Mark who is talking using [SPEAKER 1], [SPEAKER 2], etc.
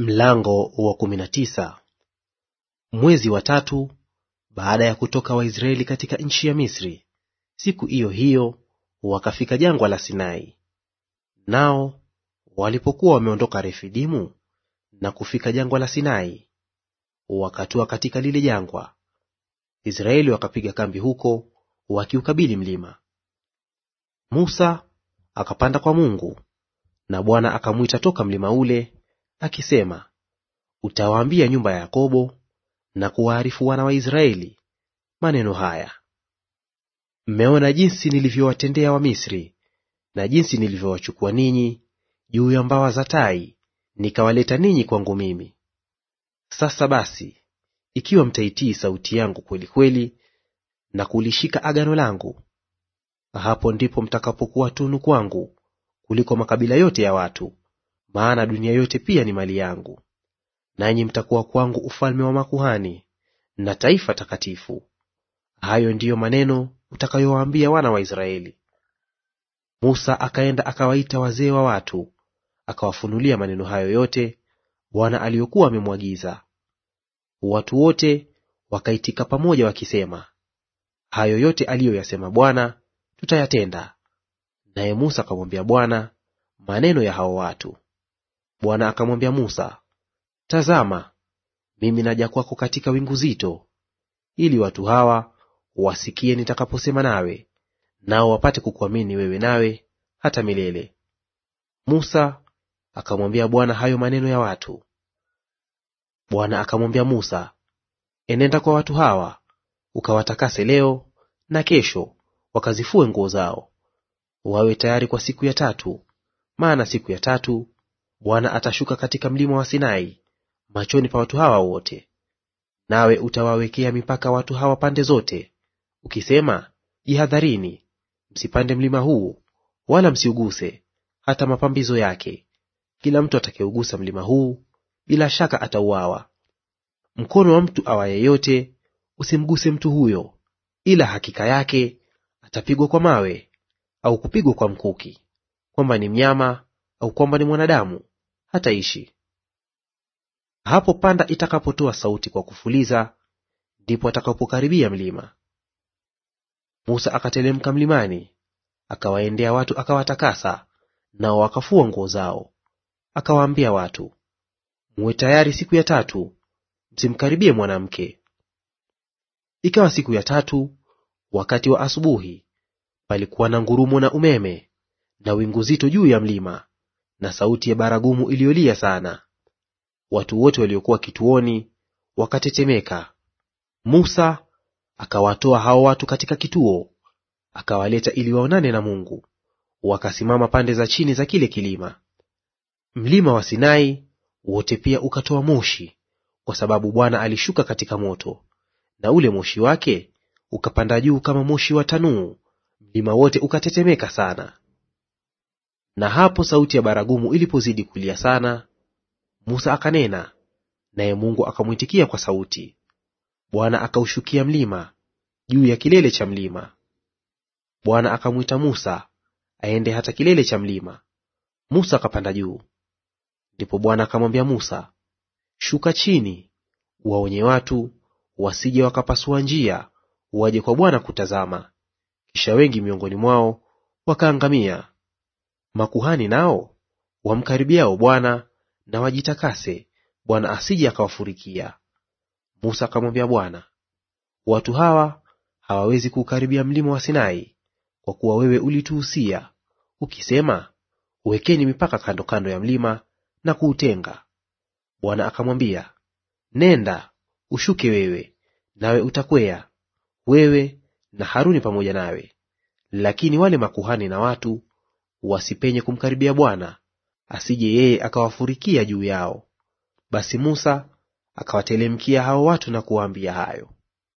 [SPEAKER 1] Mlango wa kumi na tisa. Mwezi wa tatu baada ya kutoka Waisraeli katika nchi ya Misri, siku hiyo hiyo wakafika jangwa la Sinai. Nao walipokuwa wameondoka Refidimu na kufika jangwa la Sinai, wakatua katika lile jangwa. Israeli wakapiga kambi huko wakiukabili mlima. Musa akapanda kwa Mungu, na Bwana akamwita toka mlima ule akisema, Utawaambia nyumba ya Yakobo na kuwaarifu wana wa Israeli maneno haya, mmeona jinsi nilivyowatendea Wamisri na jinsi nilivyowachukua ninyi juu ya mbawa za tai, nikawaleta ninyi kwangu mimi. Sasa basi, ikiwa mtaitii sauti yangu kweli kweli na kulishika agano langu, hapo ndipo mtakapokuwa tunu kwangu kuliko makabila yote ya watu, maana dunia yote pia ni mali yangu. Nanyi mtakuwa kwangu ufalme wa makuhani na taifa takatifu. Hayo ndiyo maneno utakayowaambia wana wa Israeli. Musa akaenda akawaita wazee wa watu, akawafunulia maneno hayo yote Bwana aliyokuwa amemwagiza. Watu wote wakaitika pamoja wakisema, hayo yote aliyoyasema Bwana tutayatenda. Naye Musa akamwambia Bwana maneno ya hao watu. Bwana akamwambia Musa, Tazama, mimi naja kwako katika wingu zito, ili watu hawa wasikie nitakaposema nawe, nao wapate kukuamini wewe, nawe hata milele. Musa akamwambia Bwana hayo maneno ya watu. Bwana akamwambia Musa, enenda kwa watu hawa ukawatakase leo na kesho, wakazifue nguo zao, wawe tayari kwa siku ya tatu, maana siku ya tatu Bwana atashuka katika mlima wa Sinai machoni pa watu hawa wote, nawe utawawekea mipaka watu hawa pande zote, ukisema, Jihadharini, msipande mlima huu, wala msiuguse hata mapambizo yake. Kila mtu atakayeugusa mlima huu bila shaka atauawa. Mkono wa mtu awa yeyote usimguse mtu huyo, ila hakika yake atapigwa kwa mawe au kupigwa kwa mkuki, kwamba ni mnyama au kwamba ni mwanadamu, hataishi. Hapo panda itakapotoa sauti kwa kufuliza, ndipo atakapokaribia mlima. Musa akatelemka mlimani, akawaendea watu, akawatakasa, nao wakafua nguo zao. Akawaambia watu, muwe tayari siku ya tatu, msimkaribie mwanamke. Ikawa siku ya tatu wakati wa asubuhi, palikuwa na ngurumo na umeme na wingu zito juu ya mlima, na sauti ya baragumu iliyolia sana. Watu wote waliokuwa kituoni wakatetemeka. Musa akawatoa hao watu katika kituo, akawaleta ili waonane na Mungu. Wakasimama pande za chini za kile kilima. Mlima wa Sinai wote pia ukatoa moshi, kwa sababu Bwana alishuka katika moto, na ule moshi wake ukapanda juu kama moshi wa tanuu; mlima wote ukatetemeka sana. Na hapo sauti ya baragumu ilipozidi kulia sana, Musa akanena, naye Mungu akamwitikia kwa sauti. Bwana akaushukia mlima, juu ya kilele cha mlima. Bwana akamwita Musa aende hata kilele cha mlima. Musa akapanda juu. Ndipo Bwana akamwambia Musa, shuka chini, uwaonye watu wasije wakapasua njia, waje kwa Bwana kutazama, kisha wengi miongoni mwao wakaangamia. Makuhani nao wamkaribiao Bwana na wajitakase, Bwana asije akawafurikia. Musa akamwambia Bwana, watu hawa hawawezi kuukaribia mlima wa Sinai, kwa kuwa wewe ulituhusia ukisema, wekeni mipaka kando kando ya mlima na kuutenga. Bwana akamwambia, nenda ushuke wewe, nawe utakwea wewe na Haruni pamoja nawe, lakini wale makuhani na watu wasipenye kumkaribia Bwana, asije yeye akawafurikia juu yao. Basi Musa akawatelemkia hao watu na kuwaambia hayo.